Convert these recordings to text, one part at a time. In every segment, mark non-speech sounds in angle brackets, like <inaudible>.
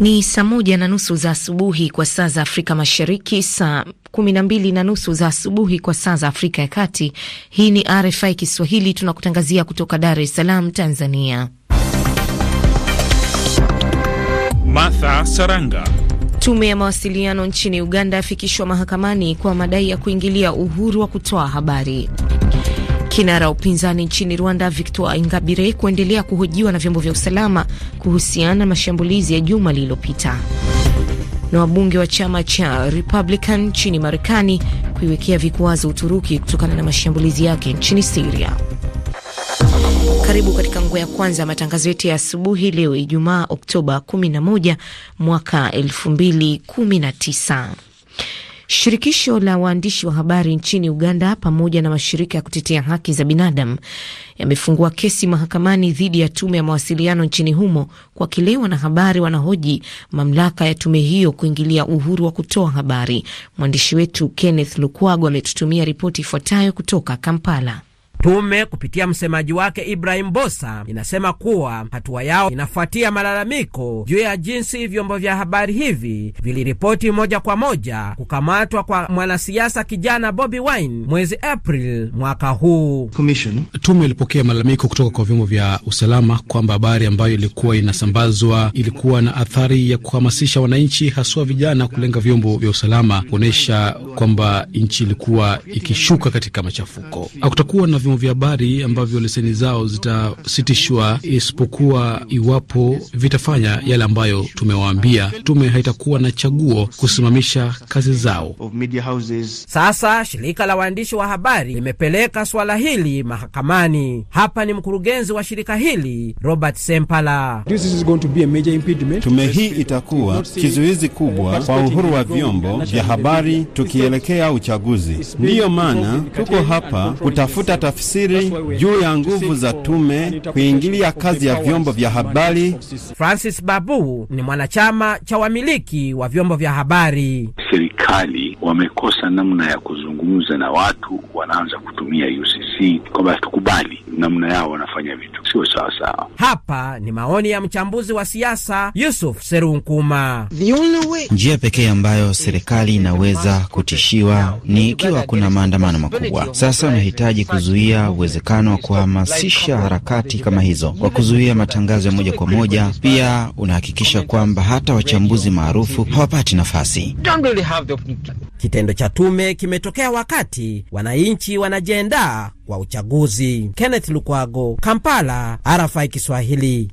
Ni saa moja na nusu za asubuhi kwa saa za Afrika Mashariki, saa kumi na mbili na nusu za asubuhi kwa saa za Afrika ya Kati. Hii ni RFI Kiswahili, tunakutangazia kutoka Dar es Salaam, Tanzania. Martha Saranga. Tume ya mawasiliano nchini Uganda afikishwa mahakamani kwa madai ya kuingilia uhuru wa kutoa habari. Kinara upinzani nchini Rwanda Victor Ingabire kuendelea kuhojiwa na vyombo vya usalama kuhusiana na mashambulizi ya juma lililopita. Na wabunge wa chama cha Republican nchini Marekani kuiwekea vikwazo Uturuki kutokana na mashambulizi yake nchini Siria. Karibu katika nguo ya kwanza matangazo yetu ya asubuhi leo Ijumaa Oktoba 11 mwaka 2019. Shirikisho la waandishi wa habari nchini Uganda pamoja na mashirika ya kutetea haki za binadamu yamefungua kesi mahakamani dhidi ya tume ya mawasiliano nchini humo kwa kile wanahabari wanahoji mamlaka ya tume hiyo kuingilia uhuru wa kutoa habari. Mwandishi wetu Kenneth Lukwago ametutumia ripoti ifuatayo kutoka Kampala. Tume kupitia msemaji wake Ibrahim Bosa inasema kuwa hatua yao inafuatia malalamiko juu ya jinsi vyombo vya habari hivi viliripoti moja kwa moja kukamatwa kwa mwanasiasa kijana Bobi Wine mwezi april mwaka huu. Commission. Tume ilipokea malalamiko kutoka kwa vyombo vya usalama kwamba habari ambayo ilikuwa inasambazwa ilikuwa na athari ya kuhamasisha wananchi, haswa vijana, kulenga vyombo vya usalama, kuonyesha kwamba nchi ilikuwa ikishuka katika machafuko. Hakutakuwa na vyombo vya habari ambavyo leseni zao zitasitishwa isipokuwa iwapo vitafanya yale ambayo tumewaambia. Tume haitakuwa na chaguo kusimamisha kazi zao. Sasa shirika la waandishi wa habari limepeleka swala hili mahakamani. Hapa ni mkurugenzi wa shirika hili Robert Sempala. Tume hii itakuwa kizuizi kubwa kwa uhuru wa vyombo vya habari tukielekea uchaguzi. Ndiyo maana tuko hapa kutafuta tafiti tafsiri juu ya nguvu za tume kuingilia kazi ya vyombo vya habari. Francis Babu ni mwanachama cha wamiliki wa vyombo vya habari. Serikali wamekosa namna ya kuzungumza na watu, wanaanza kutumia UCC kwamba tukubali namna yao wanafanya vitu sio sawasawa. Hapa ni maoni ya mchambuzi wa siasa Yusuf Serunkuma. Njia pekee ambayo serikali inaweza kutishiwa ni ikiwa kuna maandamano makubwa. Sasa unahitaji kuzuia kuzuia uwezekano wa kuhamasisha harakati kama hizo kwa kuzuia matangazo ya moja kwa moja. Pia unahakikisha kwamba hata wachambuzi maarufu hawapati nafasi. Kitendo cha tume kimetokea wakati wananchi wanajiandaa kwa uchaguzi. Kenneth Lukwago, Kampala, RFI Kiswahili.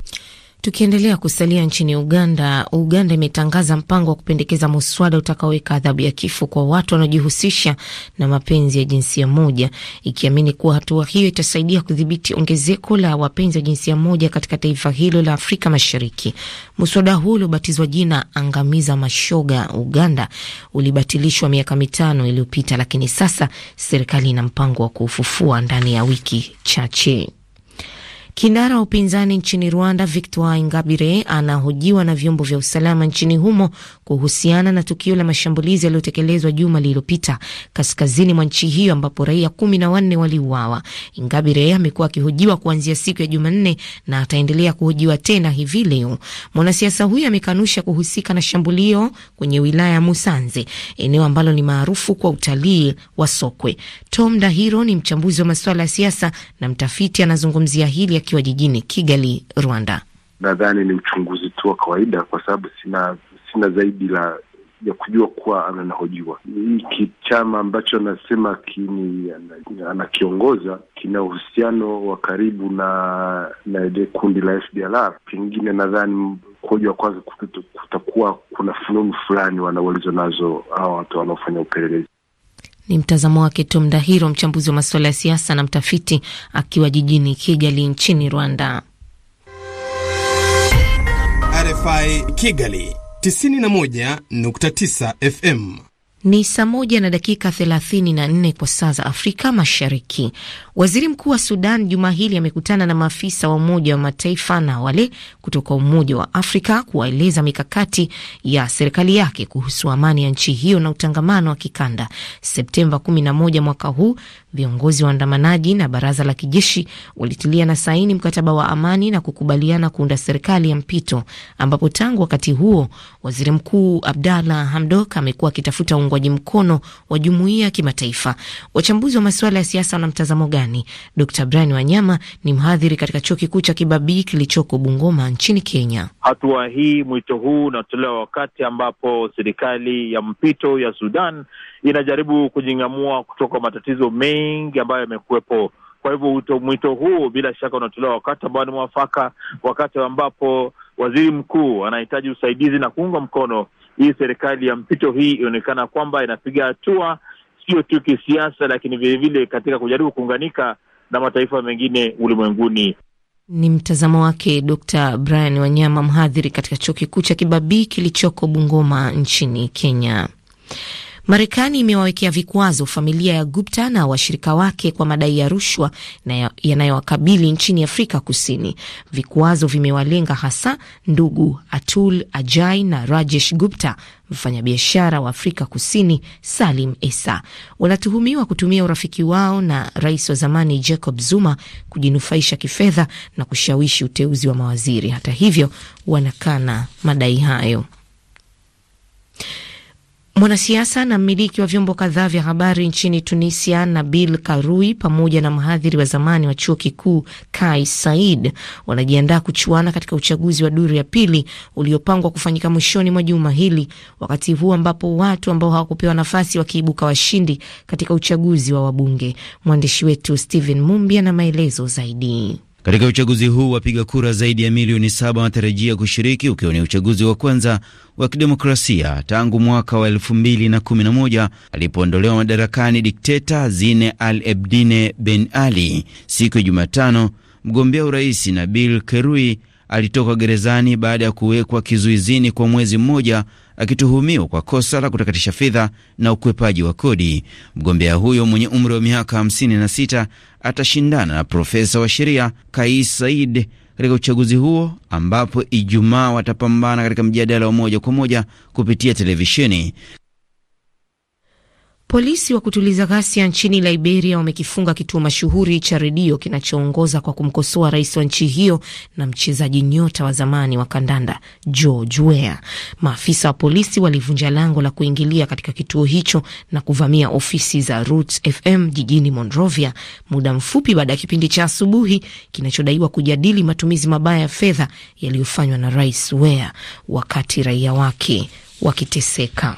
Tukiendelea kusalia nchini Uganda, Uganda imetangaza mpango wa kupendekeza muswada utakaoweka adhabu ya kifo kwa watu wanaojihusisha na mapenzi ya jinsia moja, ikiamini kuwa hatua hiyo itasaidia kudhibiti ongezeko la wapenzi wa jinsia moja katika taifa hilo la Afrika Mashariki. Muswada huu uliobatizwa jina Angamiza Mashoga Uganda ulibatilishwa miaka mitano iliyopita, lakini sasa serikali ina mpango wa kuufufua ndani ya wiki chache. Kinara wa upinzani nchini Rwanda Victoire Ingabire anahojiwa na vyombo vya usalama nchini humo kuhusiana na tukio la mashambulizi yaliyotekelezwa juma lililopita kaskazini mwa nchi hiyo ambapo raia kumi na wanne waliuawa. Ingabire amekuwa akihojiwa kuanzia siku ya Jumanne na ataendelea kuhojiwa tena hivi leo. Mwanasiasa huyo amekanusha kuhusika na shambulio kwenye wilaya ya Musanze, eneo ambalo ni maarufu kwa utalii wa sokwe. Tom Dahiro ni mchambuzi wa masuala ya siasa na mtafiti, anazungumzia hili akiwa jijini Kigali, Rwanda. Nadhani ni uchunguzi tu wa kawaida, kwa sababu sina sina zaidi la ya kujua kuwa ananahojiwa. Hiki chama ambacho anasema kini anakiongoza kina uhusiano wa karibu na na ile kundi la FDLR. Pengine nadhani mkoja wa kwanza kutakuwa kuna fununu fulani walizo nazo hawa watu wanaofanya upelelezi. Ni mtazamo wake Tom Dahiro, mchambuzi wa masuala ya siasa na mtafiti, akiwa jijini Kigali nchini Rwanda. RFI Kigali 91.9 FM. Ni saa moja na dakika 34 kwa saa za Afrika Mashariki. Waziri Mkuu wa Sudan juma hili amekutana na maafisa wa Umoja wa Mataifa na wale kutoka Umoja wa Afrika kuwaeleza mikakati ya serikali yake kuhusu amani ya nchi hiyo na utangamano wa kikanda. Septemba 11 mwaka huu, viongozi waandamanaji na baraza la kijeshi walitilia na saini mkataba wa amani na kukubaliana kuunda serikali ya mpito, ambapo tangu wakati huo waziri mkuu Abdalla Hamdok amekuwa akitafuta uungwaji mkono wa jumuiya ya kimataifa. Wachambuzi wa masuala ya siasa wana mtazamo gani? d Brian Wanyama ni mhadhiri katika chuo kikuu cha Kibabii kilichoko Bungoma nchini Kenya. Hatua hii, mwito huu unatolewa wakati ambapo serikali ya mpito ya Sudan inajaribu kujing'amua kutoka matatizo mengi ambayo yamekuwepo. Kwa hivyo mwito huu bila shaka unatolewa wakati ambao ni mwafaka, wakati ambapo waziri mkuu anahitaji usaidizi na kuunga mkono hii serikali ya mpito hii inaonekana kwamba inapiga hatua sio tu kisiasa, lakini vilevile katika kujaribu kuunganika na mataifa mengine ulimwenguni. Ni mtazamo wake Dr Brian Wanyama, mhadhiri katika chuo kikuu cha Kibabii kilichoko Bungoma nchini Kenya. Marekani imewawekea vikwazo familia ya Gupta na washirika wake kwa madai ya rushwa yanayowakabili nchini Afrika Kusini. Vikwazo vimewalenga hasa ndugu Atul Ajai na Rajesh Gupta, mfanyabiashara wa Afrika Kusini Salim Esa. Wanatuhumiwa kutumia urafiki wao na rais wa zamani Jacob Zuma kujinufaisha kifedha na kushawishi uteuzi wa mawaziri. Hata hivyo, wanakana madai hayo. Mwanasiasa na mmiliki wa vyombo kadhaa vya habari nchini Tunisia, Nabil Karui, pamoja na mhadhiri wa zamani wa chuo kikuu Kai Said wanajiandaa kuchuana katika uchaguzi wa duru ya pili uliopangwa kufanyika mwishoni mwa juma hili, wakati huu ambapo watu ambao hawakupewa nafasi wakiibuka washindi katika uchaguzi wa wabunge. Mwandishi wetu Stephen Mumbi ana maelezo zaidi. Katika uchaguzi huu wapiga kura zaidi ya milioni saba wanatarajia kushiriki, ukiwa ni uchaguzi wa kwanza wa kidemokrasia tangu mwaka wa 2011 alipoondolewa madarakani dikteta Zine al-Ebdine Ben Ali. Siku ya Jumatano, mgombea urais Nabil Kerui alitoka gerezani baada ya kuwekwa kizuizini kwa mwezi mmoja akituhumiwa kwa kosa la kutakatisha fedha na ukwepaji wa kodi. Mgombea huyo mwenye umri wa miaka 56 atashindana na profesa wa sheria Kais Said katika uchaguzi huo ambapo Ijumaa watapambana katika mjadala wa moja kwa moja kupitia televisheni. Polisi wa kutuliza ghasia nchini Liberia wamekifunga kituo mashuhuri cha redio kinachoongoza kwa kumkosoa rais wa nchi hiyo na mchezaji nyota wa zamani wa kandanda George Weah. Maafisa wa polisi walivunja lango la kuingilia katika kituo hicho na kuvamia ofisi za Roots FM jijini Monrovia muda mfupi baada ya kipindi cha asubuhi kinachodaiwa kujadili matumizi mabaya ya fedha yaliyofanywa na rais Weah wakati raia wake wakiteseka.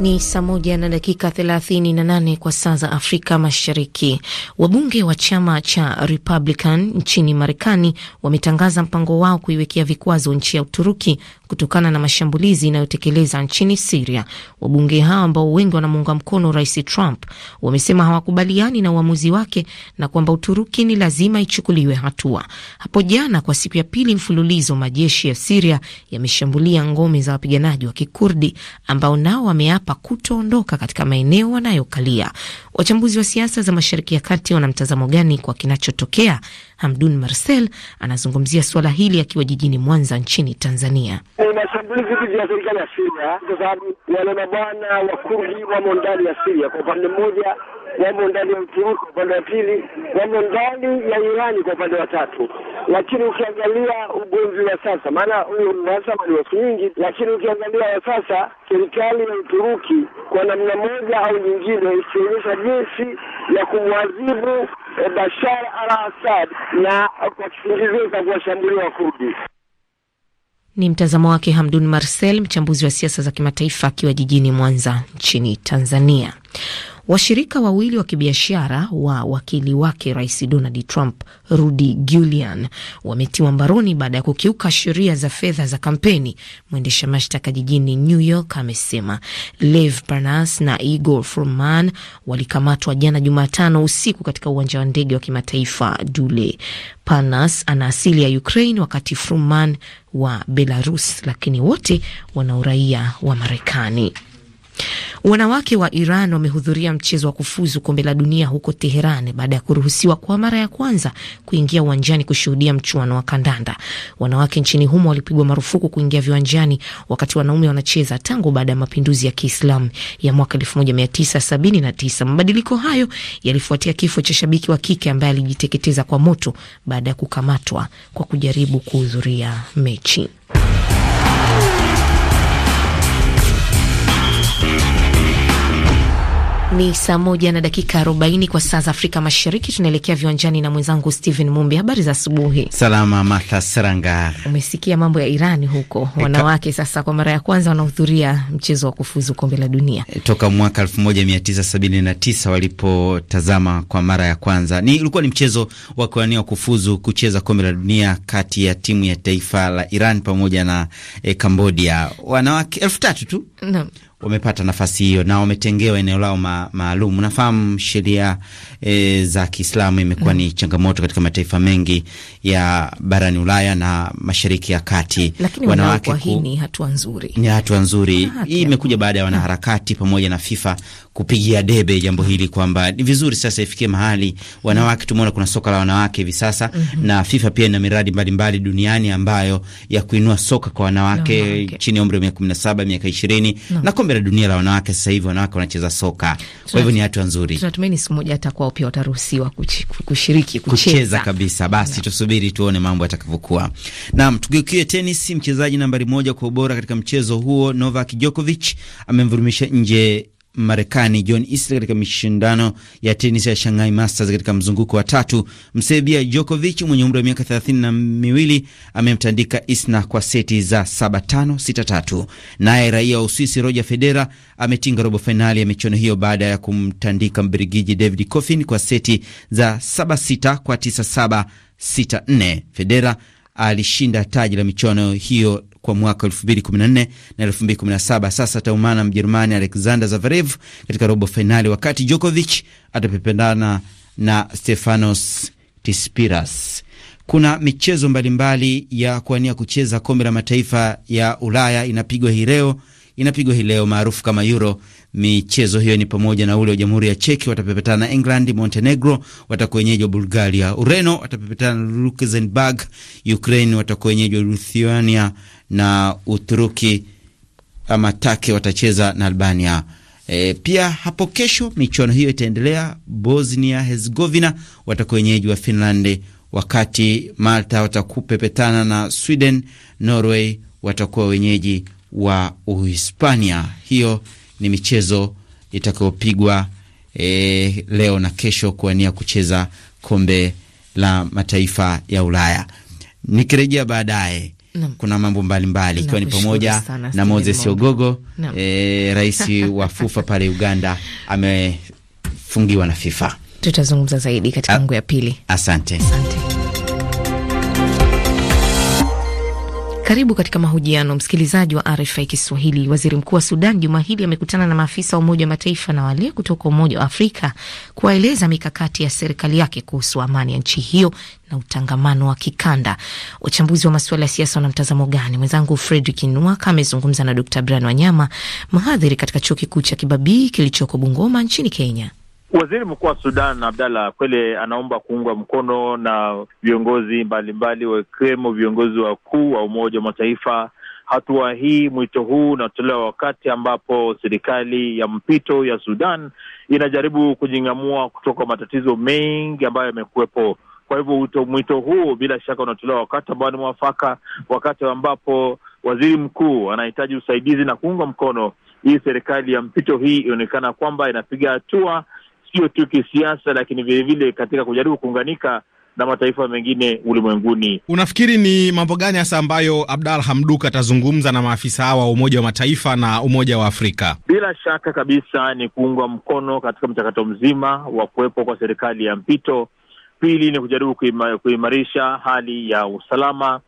Ni saa moja na dakika 38 kwa saa za Afrika Mashariki. Wabunge wa chama cha Republican nchini Marekani wametangaza mpango wao kuiwekea vikwazo nchi ya Uturuki kutokana na mashambulizi inayotekeleza nchini Siria. Wabunge hao ambao wengi wanamuunga mkono Rais Trump wamesema hawakubaliani na uamuzi wake na kwamba Uturuki ni lazima ichukuliwe hatua. Hapo jana, kwa siku ya pili mfululizo, majeshi ya Siria yameshambulia ngome za wapiganaji wa Kikurdi ambao nao wameapa pa kutoondoka katika maeneo wanayokalia. Wachambuzi wa siasa za Mashariki ya Kati wana mtazamo gani kwa kinachotokea Hamdun Marcel anazungumzia suala hili akiwa jijini Mwanza nchini Tanzania. mashambulizi vitu ya serikali ya Siria kwa sababu wale mabwana wakurdi wamo ndani ya Siria kwa upande mmoja, wamo ndani ya Uturuki kwa upande wa pili, wamo ndani ya Irani kwa upande wa tatu. Lakini ukiangalia ugomvi wa sasa, maana huyo mnasaba ni watu nyingi, lakini ukiangalia wa sasa, serikali ya Uturuki kwa namna moja au nyingine ikionyesha jinsi ya kumwadhibu Bashar al-Assad na kwa kisingizio cha kuwashambulia Wakurdi. Ni mtazamo wake Hamdun Marcel, mchambuzi wa siasa za kimataifa akiwa jijini Mwanza nchini Tanzania. Washirika wawili wa kibiashara wa wakili wake Rais Donald Trump, Rudy Giuliani, wametiwa mbaroni baada ya kukiuka sheria za fedha za kampeni. Mwendesha mashtaka jijini New York amesema Lev Parnas na Igor Fruman walikamatwa jana Jumatano usiku katika uwanja wa ndege wa kimataifa Dule. Parnas ana asili ya Ukraine wakati Fruman wa Belarus, lakini wote wana uraia wa Marekani. Wanawake wa Iran wamehudhuria mchezo wa kufuzu kombe la dunia huko Teheran baada ya kuruhusiwa kwa mara ya kwanza kuingia uwanjani kushuhudia mchuano wa kandanda. Wanawake nchini humo walipigwa marufuku kuingia viwanjani wakati wanaume wanacheza tangu baada ya mapinduzi ya Kiislamu ya mwaka 1979. Mabadiliko hayo yalifuatia kifo cha shabiki wa kike ambaye alijiteketeza kwa moto baada ya kukamatwa kwa kujaribu kuhudhuria mechi. Ni saa moja na dakika arobaini kwa saa za Afrika Mashariki. Tunaelekea viwanjani na mwenzangu Stephen Mumbi. Habari za asubuhi. Salama Martha Saranga. Umesikia mambo ya iran huko, wanawake sasa kwa mara ya kwanza wanahudhuria mchezo wa kufuzu kombe la dunia e, toka mwaka tisa walipotazama kwa mara ya kwanza. Ni ulikuwa ni mchezo wa kuwania kufuzu kucheza kombe la dunia kati ya timu ya taifa la Iran pamoja na eh, Cambodia, wanawake elfu tatu tu no wamepata nafasi hiyo na wametengewa eneo lao ma, maalum. Unafahamu sheria e, za Kiislamu imekuwa mm, ni changamoto katika mataifa mengi ya barani Ulaya na Mashariki ya Kati. Lakini wanawake hii ni hatua nzuri, ni hatua nzuri hii imekuja baada ya wanaharakati mm. pamoja na FIFA kupigia debe jambo hili kwamba ni vizuri sasa ifikie mahali wanawake, tumeona kuna soka la wanawake hivi sasa mm -hmm. na FIFA pia ina miradi mbalimbali duniani ambayo ya kuinua soka kwa wanawake no, no, okay. chini ya umri wa miaka 17 miaka 20 no. na kombe la dunia la wanawake sasa hivi wanawake wanacheza soka, kwa hivyo ni hatua nzuri. Tunatumaini siku moja hata kwao pia wataruhusiwa kushiriki kucheza, kucheza kabisa. Basi tusubiri tuone mambo yatakavyokuwa. Naam, tugeukie tenisi. Mchezaji nambari moja kwa ubora katika mchezo huo Novak Djokovic amemvurumisha nje Marekani John Isner katika mishindano ya tenis ya Shanghai Masters katika mzunguko wa tatu. msebia Djokovic mwenye umri wa miaka thelathini na miwili amemtandika Isner kwa seti za 7-5, 6-3. Naye raia wa Uswisi Roger Federer ametinga robo fainali ya michuano hiyo baada ya kumtandika Mbirigiji David Coffin kwa seti za 7-6 kwa 9-7, 6-4. Federer alishinda taji la michuano hiyo kwa mwaka 2014 na 2017. Sasa ataumana Mjerumani Alexander Zverev katika robo fainali, wakati Djokovic atapependana na Stefanos Tsitsipas. Kuna michezo mbalimbali mbali ya kuania kucheza kombe la mataifa ya Ulaya inapigwa hii leo inapigwa hii leo maarufu kama Euro. Michezo hiyo ni pamoja na ule wa Jamhuri ya Cheki watapepetana na England, Montenegro watakuwa wenyeji wa Bulgaria, Ureno watapepetana na Luxembourg, Ukraine watakuwa wenyeji wa Lithuania na Uturuki ama Take watacheza na Albania. E, pia hapo kesho michuano hiyo itaendelea. Bosnia Herzegovina watakuwa wenyeji wa Finland, wakati Malta watakupepetana na Sweden. Norway watakuwa wenyeji wa Uhispania. Hiyo ni michezo itakayopigwa e, leo na kesho kuwania kucheza kombe la mataifa ya Ulaya. Nikirejea baadaye kuna mambo mbalimbali ikiwa ni pamoja sana, na Moses Ogogo e, rais wa <laughs> FUFA pale Uganda amefungiwa na FIFA. Tutazungumza zaidi katika ngu ya pili. Asante, asante. Karibu katika mahojiano, msikilizaji wa RFI Kiswahili. Waziri Mkuu wa Sudan juma hili amekutana na maafisa wa Umoja wa Mataifa na wale kutoka Umoja wa Afrika kuwaeleza mikakati ya serikali yake kuhusu amani ya nchi hiyo na utangamano wa kikanda. Wachambuzi wa masuala ya siasa wana mtazamo gani? Mwenzangu Fredrik Nwaka amezungumza na Dr Brian Wanyama, mhadhiri katika chuo kikuu cha Kibabii kilichoko Bungoma nchini Kenya. Waziri mkuu wa Sudan Abdalla Kwele anaomba kuungwa mkono na viongozi mbalimbali wakiwemo viongozi wakuu wa Umoja wa Mataifa. Hatua hii, mwito huu unatolewa wakati ambapo serikali ya mpito ya Sudan inajaribu kujing'amua kutoka matatizo mengi ambayo yamekuwepo. Kwa hivyo mwito huu bila shaka unatolewa wakati ambao ni mwafaka, wakati ambapo waziri mkuu anahitaji usaidizi na kuunga mkono hii serikali ya mpito. Hii inaonekana kwamba inapiga hatua sio tu kisiasa, lakini vilevile katika kujaribu kuunganika na mataifa mengine ulimwenguni. Unafikiri ni mambo gani hasa ambayo abdal Hamduk atazungumza na maafisa hawa wa Umoja wa Mataifa na Umoja wa Afrika? Bila shaka kabisa ni kuungwa mkono katika mchakato mzima wa kuwepo kwa serikali ya mpito. Pili ni kujaribu kuima, kuimarisha hali ya usalama.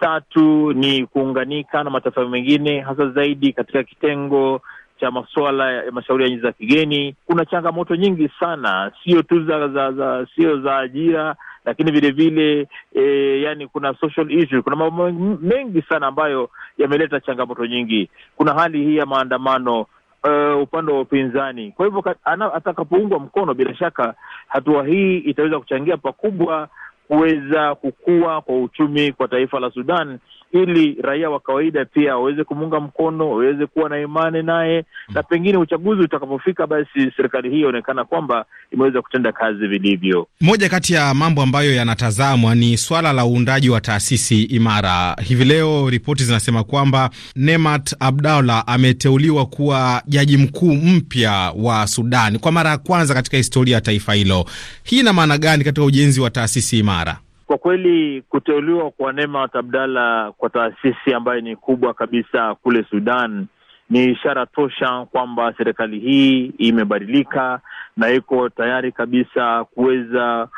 Tatu ni kuunganika na mataifa mengine hasa zaidi katika kitengo cha masuala ya mashauri ya nchi za kigeni. Kuna changamoto nyingi sana, sio tu za, za, za sio za ajira lakini vilevile e, yani kuna social issue, kuna mambo mengi sana ambayo yameleta changamoto nyingi. Kuna hali hii ya maandamano Uh, upande wa upinzani. Kwa hivyo atakapoungwa mkono, bila shaka hatua hii itaweza kuchangia pakubwa kuweza kukua kwa uchumi kwa taifa la Sudan, ili raia wa kawaida pia waweze kumuunga mkono, waweze kuwa na imani naye mm. na pengine uchaguzi utakapofika, basi serikali hii inaonekana kwamba imeweza kutenda kazi vilivyo. Moja kati ya mambo ambayo yanatazamwa ni swala la uundaji wa taasisi imara. Hivi leo ripoti zinasema kwamba Nemat Abdalla ameteuliwa kuwa jaji mkuu mpya wa Sudan kwa mara ya kwanza katika historia ya taifa hilo. Hii ina maana gani katika ujenzi wa taasisi imara? imara. Kwa kweli kuteuliwa kwa nema Abdalla kwa taasisi ambayo ni kubwa kabisa kule Sudan ni ishara tosha kwamba serikali hii imebadilika na iko tayari kabisa kuweza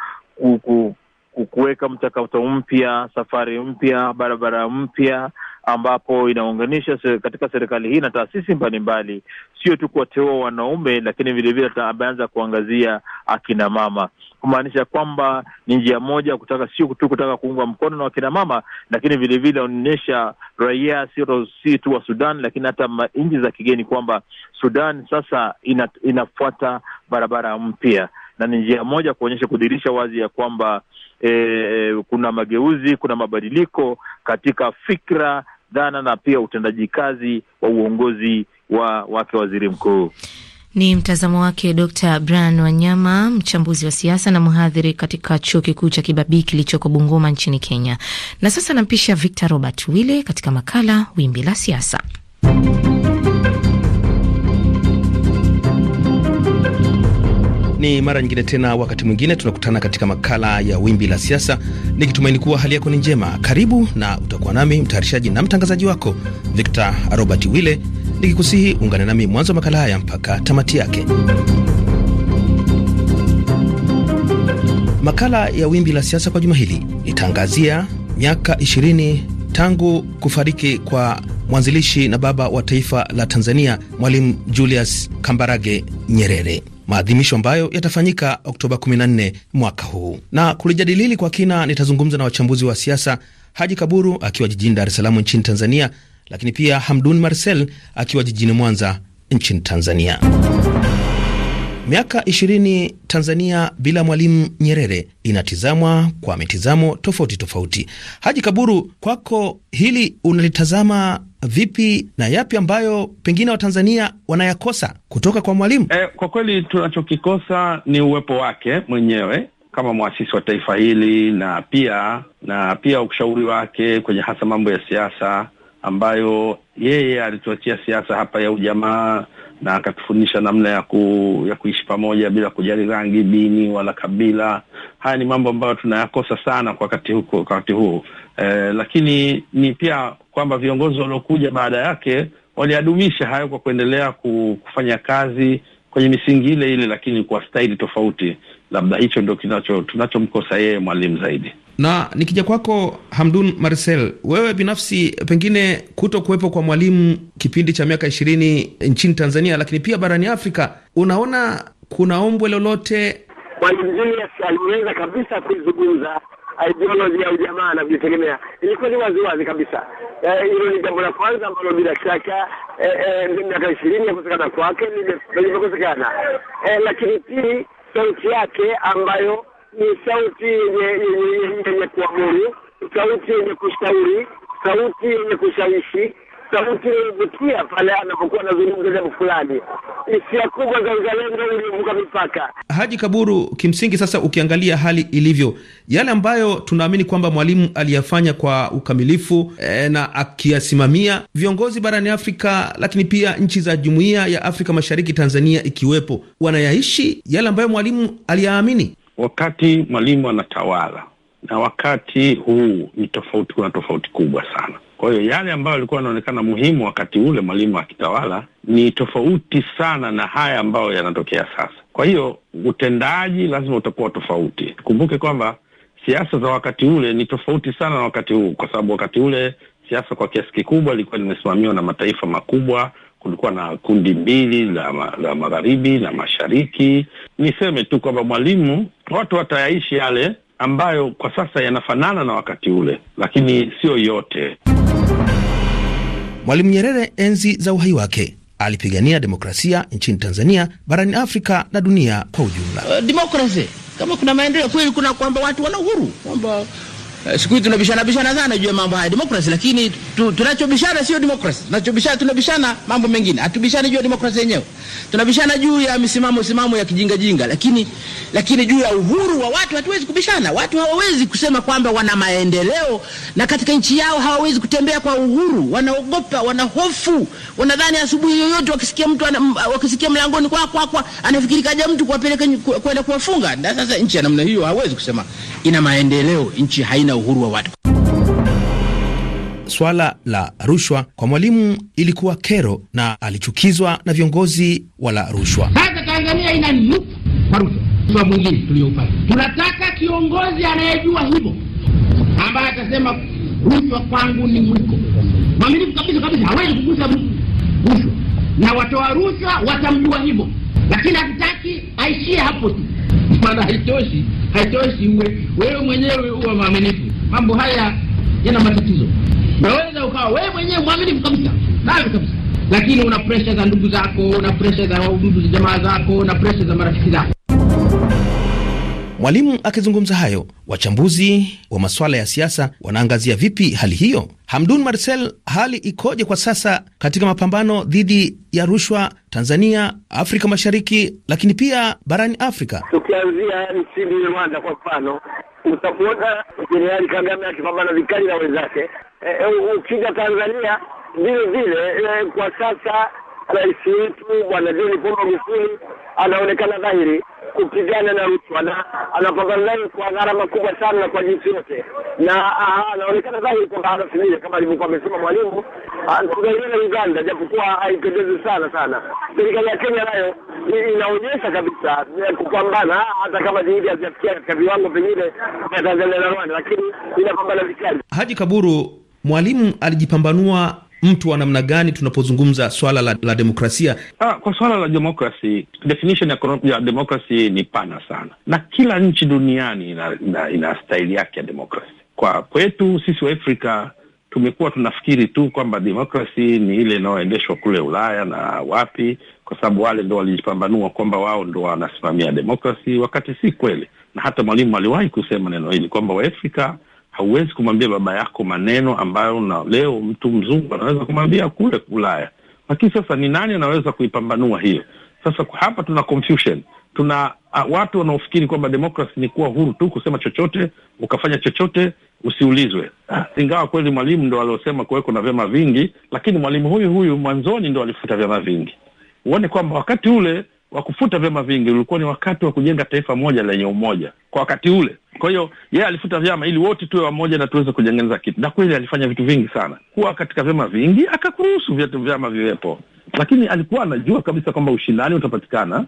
kuweka mchakato mpya, safari mpya, barabara mpya, ambapo inaunganisha katika serikali hii na taasisi mbalimbali, sio tu kuwateua wanaume, lakini vilevile ameanza kuangazia akina mama, kumaanisha kwamba ni njia moja kutaka, sio tu kutaka kuungwa mkono na wakina mama, lakini vilevile anaonyesha raia si tu wa Sudan, lakini hata nchi za kigeni kwamba Sudan sasa ina, inafuata barabara mpya na ni njia moja kuonyesha kudirisha wazi ya kwamba E, e, kuna mageuzi, kuna mabadiliko katika fikra, dhana na pia utendaji kazi wa uongozi wa wake waziri mkuu. Ni mtazamo wake Dr Brian Wanyama, mchambuzi wa siasa na mhadhiri katika chuo kikuu cha Kibabii kilichoko Bungoma nchini Kenya. Na sasa nampisha Victor Robert Wille katika makala Wimbi la Siasa. Ni mara nyingine tena, wakati mwingine tunakutana katika makala ya Wimbi la Siasa, nikitumaini kuwa hali yako ni njema. Karibu na utakuwa nami mtayarishaji na mtangazaji wako Victor Robert Wille, nikikusihi ungane nami mwanzo wa makala haya mpaka tamati yake. Makala ya Wimbi la Siasa kwa juma hili itaangazia miaka 20 tangu kufariki kwa mwanzilishi na baba wa taifa la Tanzania Mwalimu Julius Kambarage Nyerere maadhimisho ambayo yatafanyika Oktoba 14 mwaka huu. Na kulijadilili kwa kina, nitazungumza na wachambuzi wa siasa, Haji Kaburu akiwa jijini Dar es Salaam nchini Tanzania, lakini pia Hamdun Marcel akiwa jijini Mwanza nchini Tanzania. Miaka 20 Tanzania bila Mwalimu Nyerere inatizamwa kwa mitizamo tofauti tofauti. Haji Kaburu, kwako hili unalitazama vipi na yapi ambayo pengine Watanzania wanayakosa kutoka kwa Mwalimu? Eh, kwa kweli tunachokikosa ni uwepo wake mwenyewe kama mwasisi wa taifa hili na pia na pia ushauri wake kwenye hasa mambo ya siasa, ambayo yeye alituachia siasa hapa ya ujamaa na akatufundisha namna ya ku, ya kuishi pamoja bila kujali rangi, dini wala kabila. Haya ni mambo ambayo tunayakosa sana kwa wakati kwa wakati huu eh, lakini ni pia kwamba viongozi waliokuja baada yake waliadumisha hayo kwa kuendelea kufanya kazi kwenye misingi ile ile, lakini kwa staili tofauti. Labda hicho ndio kinacho tunachomkosa yeye mwalimu zaidi. Na nikija kwako Hamdun Marcel, wewe binafsi, pengine kuto kuwepo kwa mwalimu kipindi cha miaka ishirini nchini Tanzania, lakini pia barani Afrika, unaona kuna ombwe lolote? Mwalimu Julius aliweza kabisa kuizungumza ideology ya ujamaa na kujitegemea. Ilikuwa ni wazi wazi kabisa. Eh, hilo ni jambo la kwanza ambalo bila shaka eh, eh, miaka ishirini ya kukosekana kwake limekosekana, lakini pili, sauti yake ambayo ni sauti yenye kuamuru, sauti yenye kushauri, sauti yenye kushawishi sauti ilivutia pale anapokuwa anazungumza jambo fulani. Hisia kubwa za uzalendo iliyovuka mipaka. Haji Kaburu, kimsingi sasa ukiangalia hali ilivyo, yale ambayo tunaamini kwamba mwalimu aliyafanya kwa ukamilifu e, na akiyasimamia viongozi barani Afrika, lakini pia nchi za jumuiya ya Afrika Mashariki, Tanzania ikiwepo, wanayaishi yale ambayo mwalimu aliyaamini wakati mwalimu anatawala na wakati huu ni tofauti, kuna tofauti kubwa sana. Kwa hiyo yale ambayo yalikuwa yanaonekana muhimu wakati ule Mwalimu akitawala ni tofauti sana na haya ambayo yanatokea sasa. Kwa hiyo utendaji lazima utakuwa tofauti. Kumbuke kwamba siasa za wakati ule ni tofauti sana na wakati huu, kwa sababu wakati ule siasa kwa kiasi kikubwa ilikuwa limesimamiwa na mataifa makubwa. Kulikuwa na kundi mbili la, ma, la magharibi na mashariki. Niseme tu kwamba Mwalimu watu watayaishi yale ambayo kwa sasa yanafanana na wakati ule, lakini sio yote. Mwalimu Nyerere enzi za uhai wake alipigania demokrasia nchini Tanzania, barani Afrika na dunia kwa ujumla. Uh, demokrasia kama kuna maendeleo kweli, kuna kwamba watu wana uhuru kwamba Eh, siku hizi tunabishana bishana sana juu ya mambo haya demokrasi, lakini tu, tunachobishana sio demokrasi. Tunachobishana tunabishana mambo mengine, hatubishani juu ya demokrasi yenyewe. Tunabishana juu ya misimamo simamo ya kijinga jinga, lakini lakini juu ya uhuru wa watu hatuwezi kubishana. Watu hawawezi kusema kwamba wana maendeleo na katika nchi yao hawawezi kutembea kwa uhuru. Wanaogopa, wana hofu, wanadhani asubuhi yoyote wakisikia mtu ana, wakisikia mlangoni kwa kwa, kwa anafikiri kaja mtu kuwapeleka kwenda kuwafunga. Sasa nchi ya namna hiyo hawezi kusema ina maendeleo, nchi haina na uhuru wa watu. Swala la rushwa kwa mwalimu ilikuwa kero na alichukizwa na viongozi wala rushwa. Sasa Tanzania ina nusu kwa rushwa mwingine tuliyoupata. Tunataka kiongozi anayejua hivyo, ambaye atasema rushwa kwangu ni mwiko mwaminifu kabisa kabisa, hawezi kugusa rushwa na watoa rushwa watamjua hivyo, lakini hatutaki aishie hapo tu, maana haitoshi. Haitoshi, wewe mwenyewe uwe mwaminifu mambo haya yana matatizo. Unaweza ukawa wewe mwenyewe mwaminifu kabisa, safi kabisa, lakini una presha za ndugu zako, una presha za ndugu za jamaa zako, una presha za marafiki zako. Mwalimu akizungumza hayo, wachambuzi wa masuala ya siasa wanaangazia vipi hali hiyo? Hamdun Marcel, hali ikoje kwa sasa katika mapambano dhidi ya rushwa Tanzania, Afrika Mashariki, lakini pia barani Afrika? Tukianzia nchini Rwanda kwa mfano, utakuona Jenerali Kagame akipambana vikali na wenzake. Eh, eh, ukija Tanzania vile vile, eh, kwa sasa rais wetu Bwana John Pombe Magufuli anaonekana dhahiri kupigana na rushwa na anapambana nayo kwa gharama kubwa sana na kwa jinsi yote, na ah, anaonekana dhahiri kwamba anasilia kama alivyokuwa amesema mwalimu. Tunaiona ah, Uganda, japokuwa haipendezi sana sana, serikali ya Kenya nayo inaonyesha kabisa kupambana, hata kama juhudi hazijafikia katika viwango pengine vya Tanzania na Rwanda, lakini inapambana vikali. Haji Kaburu, mwalimu alijipambanua mtu wa namna gani tunapozungumza swala la, la demokrasia? Ah, kwa swala la demokrasi definition ya, ya demokrasi ni pana sana, na kila nchi duniani ina, ina, ina staili yake ya demokrasi. Kwa kwetu sisi wa Afrika tumekuwa tunafikiri tu kwamba demokrasi ni ile inayoendeshwa kule Ulaya na wapi, kwa sababu wale ndo walijipambanua kwamba wao ndo wanasimamia demokrasi, wakati si kweli. Na hata Mwalimu aliwahi kusema neno hili kwamba Waafrika Hauwezi kumwambia baba yako maneno ambayo na leo mtu mzungu anaweza kumwambia kule Ulaya, lakini sasa ni nani anaweza kuipambanua hiyo? Sasa hapa tuna confusion, tuna a, ah, watu wanaofikiri kwamba demokrasi ni kuwa huru tu kusema chochote ukafanya chochote usiulizwe, ah, ingawa kweli Mwalimu ndo aliosema kuweko na vyama vingi, lakini Mwalimu huyu huyu mwanzoni ndo alifuta vyama vingi. Uone kwamba wakati ule wa kufuta vyama vingi ulikuwa ni wakati wa kujenga taifa moja lenye umoja kwa wakati ule. Kwa hiyo yeye alifuta vyama ili wote tuwe wamoja na tuweze kujengeneza kitu, na kweli alifanya vitu vingi sana, kuwa katika vyama vingi, akakuruhusu vyama viwepo, lakini alikuwa anajua kabisa kwamba ushindani utapatikana.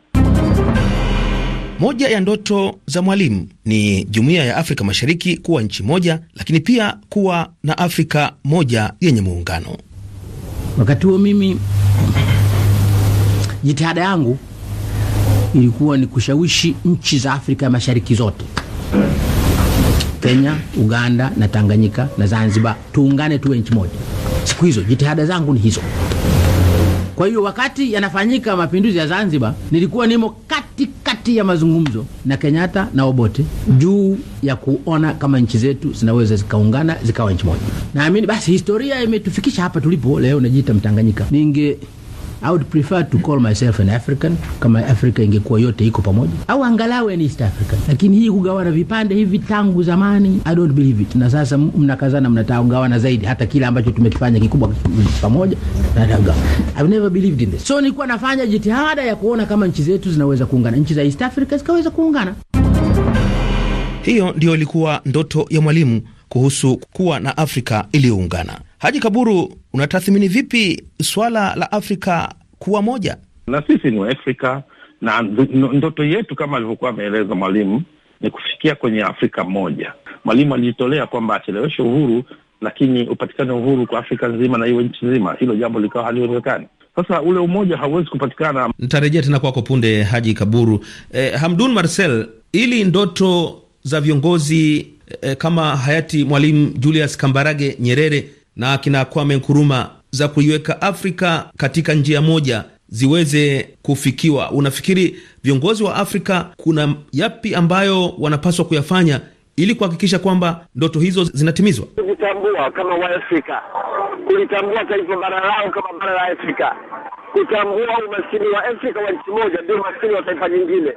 Moja ya ndoto za Mwalimu ni jumuiya ya Afrika Mashariki kuwa nchi moja, lakini pia kuwa na Afrika moja yenye muungano. Wakati huo mimi jitihada yangu ilikuwa ni kushawishi nchi za Afrika ya Mashariki zote, Kenya, Uganda na Tanganyika na Zanzibar, tuungane tuwe nchi moja. Siku hizo jitihada zangu ni hizo. Kwa hiyo wakati yanafanyika mapinduzi ya Zanzibar, nilikuwa nimo kati kati ya mazungumzo na Kenyatta na Obote juu ya kuona kama nchi zetu zinaweza zikaungana zikawa nchi moja. Naamini basi historia imetufikisha hapa tulipo leo, najiita Mtanganyika. Ninge I would prefer to call myself an African kama Afrika ingekuwa yote iko pamoja, au angalau an East African. Lakini hii kugawana vipande hivi tangu zamani, I don't believe it. Na sasa mnakazana, mnataka kugawana zaidi, hata kile ambacho tumekifanya kikubwa pamoja. I've never believed in this, so nilikuwa nafanya jitihada ya kuona kama nchi zetu zinaweza kuungana, nchi za East Africa zikaweza kuungana. Hiyo ndio ilikuwa ndoto ya Mwalimu kuhusu kuwa na Afrika iliyoungana. Haji Kaburu Unatathmini vipi swala la Afrika kuwa moja? Na sisi ni Waafrika na ndoto yetu kama alivyokuwa ameeleza mwalimu ni kufikia kwenye Afrika moja. Mwalimu alijitolea kwamba acheleweshe uhuru, lakini upatikane uhuru kwa Afrika nzima na iwe nchi nzima. Hilo jambo likawa haliwezekani. Sasa ule umoja hauwezi kupatikana. Nitarejea tena kwako punde, Haji Kaburu. Eh, Hamdun Marcel, ili ndoto za viongozi eh, kama hayati Mwalimu Julius Kambarage Nyerere na akina Kwame Nkuruma za kuiweka Afrika katika njia moja ziweze kufikiwa. Unafikiri viongozi wa Afrika kuna yapi ambayo wanapaswa kuyafanya ili kuhakikisha kwamba ndoto hizo zinatimizwa? Kujitambua kama Waafrika, kulitambua taifa bara lao kama bara la Afrika, kutambua umaskini wa Afrika wa nchi moja ndio umaskini wa taifa nyingine,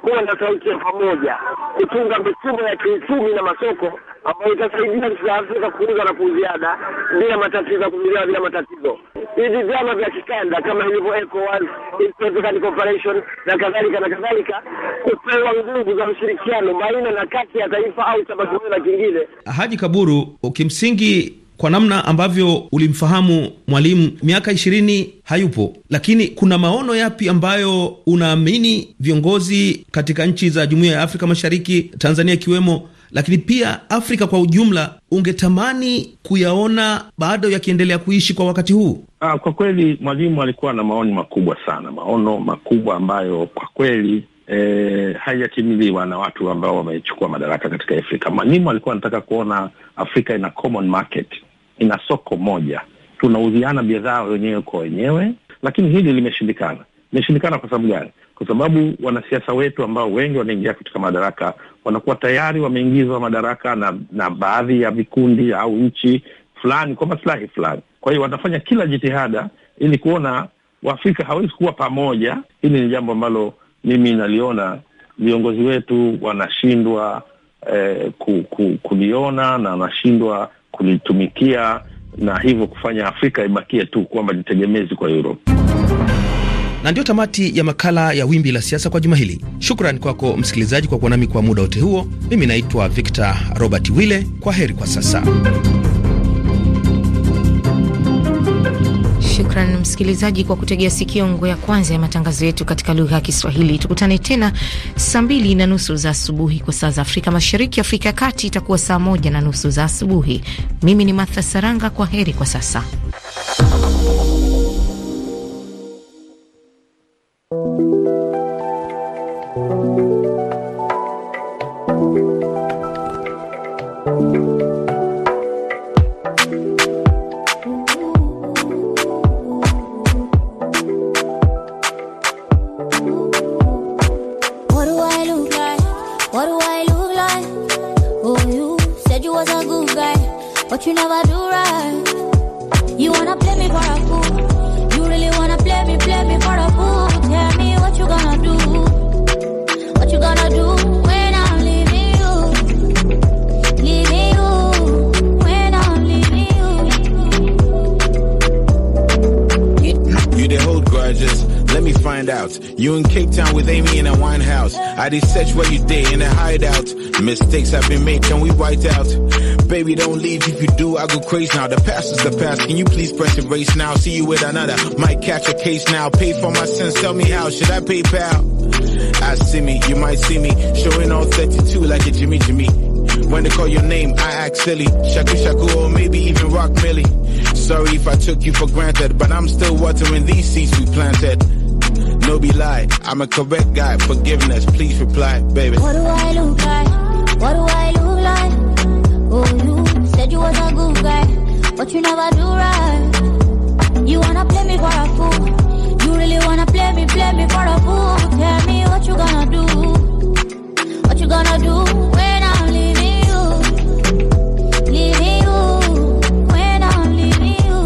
kuwa na sauti ya pamoja, kutunga mifumo ya kiuchumi na masoko ambayo itasaidia Afrika kuuza na kuuziana bila matatizo ya kuzuliwa bila matatizo. Hivi vyama vya kikanda kama ilivyo ECOWAS, East African Cooperation na kadhalika na kadhalika, kupewa nguvu za ushirikiano baina na kati ya taifa au tabaka moja na kingine. Haji Kaburu, kimsingi kwa namna ambavyo ulimfahamu Mwalimu miaka ishirini hayupo, lakini kuna maono yapi ambayo unaamini viongozi katika nchi za Jumuiya ya Afrika Mashariki, Tanzania ikiwemo, lakini pia Afrika kwa ujumla ungetamani kuyaona bado yakiendelea kuishi kwa wakati huu? Aa, ah, kwa kweli Mwalimu alikuwa na maoni makubwa sana, maono makubwa ambayo kwa kweli E, eh, haijatimiliwa na watu ambao wamechukua madaraka katika Afrika. Mwalimu alikuwa anataka kuona Afrika ina common market, ina soko moja, tunauziana bidhaa wenyewe kwa wenyewe, lakini hili limeshindikana. Imeshindikana kwa sababu gani? Kwa sababu wanasiasa wetu ambao wengi wanaingia katika madaraka wanakuwa tayari wameingizwa madaraka na, na baadhi ya vikundi au nchi fulani kwa maslahi fulani. Kwa hiyo wanafanya kila jitihada ili kuona Waafrika hawezi kuwa pamoja. Hili ni jambo ambalo mimi naliona viongozi wetu wanashindwa eh, ku, ku, kuliona na wanashindwa kulitumikia na hivyo kufanya Afrika ibakie tu kwamba jitegemezi kwa Europe. Na ndiyo tamati ya makala ya Wimbi la Siasa kwa juma hili. Shukran kwako msikilizaji kwa kuwa nami kwa muda wote huo. Mimi naitwa Victor Robert Wille, kwa heri kwa sasa. Shukran msikilizaji kwa kutegea sikio nguo ya kwanza ya matangazo yetu katika lugha ya Kiswahili. Tukutane tena saa mbili na nusu za asubuhi kwa saa za Afrika Mashariki. Afrika ya Kati itakuwa saa moja na nusu za asubuhi. Mimi ni Martha Saranga, kwa heri kwa sasa. you never do right. You wanna play me for a fool. You really wanna play me, play me for a fool. Tell me what you gonna do. What you gonna do when I'm leaving you? Leaving you when I'm leaving you. You the hold grudges. Let me find out. You in Cape Town with Amy in a wine house. I did search where you stay in a hideout. Mistakes have been made, can we white out? Baby, don't leave if you I go crazy now. The past is the past. Can you please press erase now? See you with another. Might catch a case now. Pay for my sins. Tell me how. Should I pay pal? I see me. You might see me showing on 32 like a Jimmy Jimmy. When they call your name, I act silly. Shaku shaku or maybe even rock Millie. Sorry if I took you for granted, but I'm still watering these seeds we planted. No be lie, I'm a correct guy. Forgiveness, please reply, baby. What do I look like? What do I look like? Said you was a good guy, but you never do right. You wanna play me for a fool. You really wanna play me, play me for a fool. Tell me what you gonna do. What you gonna do when I'm leaving you? Leaving you when I'm leaving you.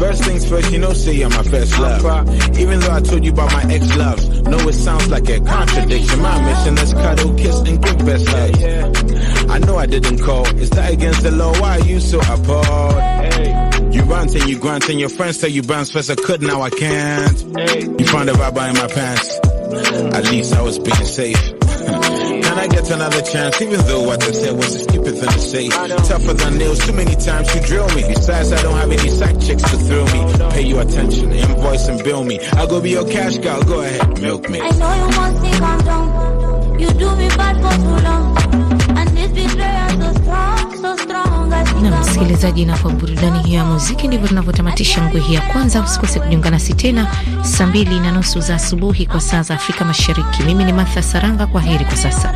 First things first, you know, say you're my first love. Uh-huh. Even though I told you about my ex love no, it sounds like a contradiction. My mission is cuddle, kiss, and give best hugs. I know I didn't call. Is that against the law? Why are you so appalled? Hey. You ranting, you granting. Your friends tell you bounce first. I could, now I can't. You find a vibe in my pants. At least I was being safe. And I get another chance, even though what I said was a stupid thing to say. Tougher than nails, too many times you drill me. Besides, I don't have any side chicks to thrill me. Pay your attention, invoice and bill me. I'll go be your cash cow, go ahead, milk me. I know you want me calm down. You do me bad for too long. And this betrayal so strong, so strong. na msikilizaji, na kwa burudani hiyo ya muziki ndivyo tunavyotamatisha hii ya kwanza. Usikose kujiunga nasi tena saa mbili na nusu za asubuhi kwa saa za Afrika Mashariki. Mimi ni Martha Saranga, kwa heri kwa sasa.